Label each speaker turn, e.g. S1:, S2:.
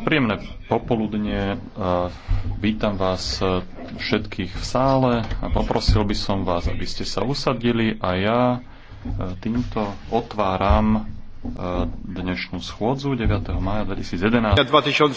S1: Príjemné popoludne. Vítam vás všetkých v sále a poprosil by som vás, aby ste sa usadili a ja e, týmto otváram e, dnešnú schôdzu 9. maja 2011.